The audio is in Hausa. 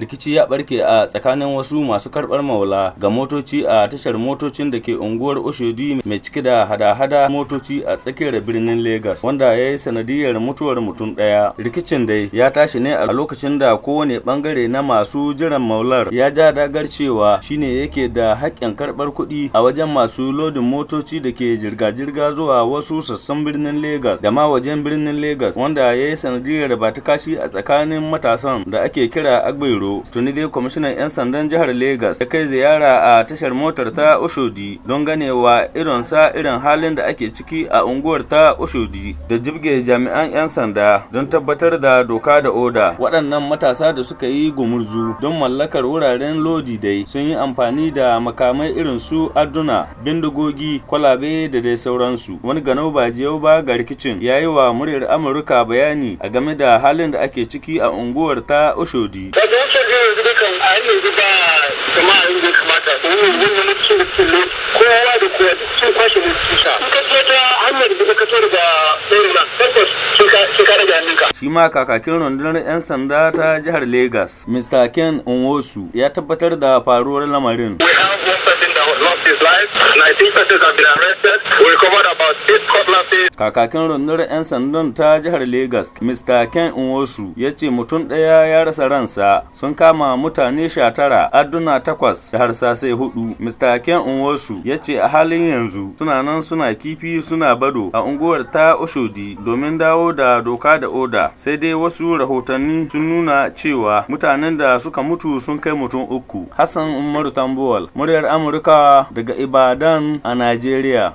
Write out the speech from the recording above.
rikici ya barke a tsakanin wasu masu karbar maula ga motoci a tashar motocin da ke unguwar oshodi mai cike da hada-hada motoci a tsakiyar birnin lagos wanda ya yi sanadiyar mutuwar mutum ɗaya rikicin dai ya tashi ne a lokacin da kowane bangare na masu jiran maular ya ja dagar cewa shine yake da haƙƙin karbar kuɗi a wajen masu lodin motoci da ke jirga-jirga zuwa wasu sassan birnin lagos da ma wajen birnin lagos wanda ya yi sanadiyar ba a tsakanin matasan da ake kira agbero Bayero tuni dai kwamishinan 'yan sandan jihar Legas ya kai ziyara a tashar motar ta Oshodi don ganewa irin sa irin halin da ake ciki a unguwar ta Oshodi da jibge jami'an 'yan sanda don tabbatar da doka da oda. Waɗannan matasa da suka yi gumurzu don mallakar wuraren lodi dai sun yi amfani da makamai irin su aduna bindigogi, kwalabe da dai sauransu. Wani ganau ba jiyau ba ga rikicin ya yi wa muryar Amurka bayani a game da halin da ake ciki a unguwar ta Oshodi. kan a yanzu ba jama'a yin da kamata mutum da kowa da kowa sun kwashe mutunsa in ka je ta hanyar da ka fito da tabbas sun hannunka. shi ma kakakin rundunar 'yan sanda ta jihar lagos mr ken nwosu ya tabbatar da faruwar lamarin. we have one person that was Kakakin rundunar 'yan sandan ta jihar Legas, Mr. Ken Nwosu, ya ce mutum ɗaya ya rasa ransa sun kama mutane sha tara, adduna takwas da harsasai hudu. Mr. Ken Nwosu ya ce a halin yanzu suna nan suna kifi suna bado a unguwar ta Oshodi domin dawo da doka da oda. Sai dai wasu rahotanni sun nuna cewa mutanen da suka mutu sun kai mutum uku. Hassan Umaru Tambuwal, muryar Amurka daga Ibadan a Najeriya.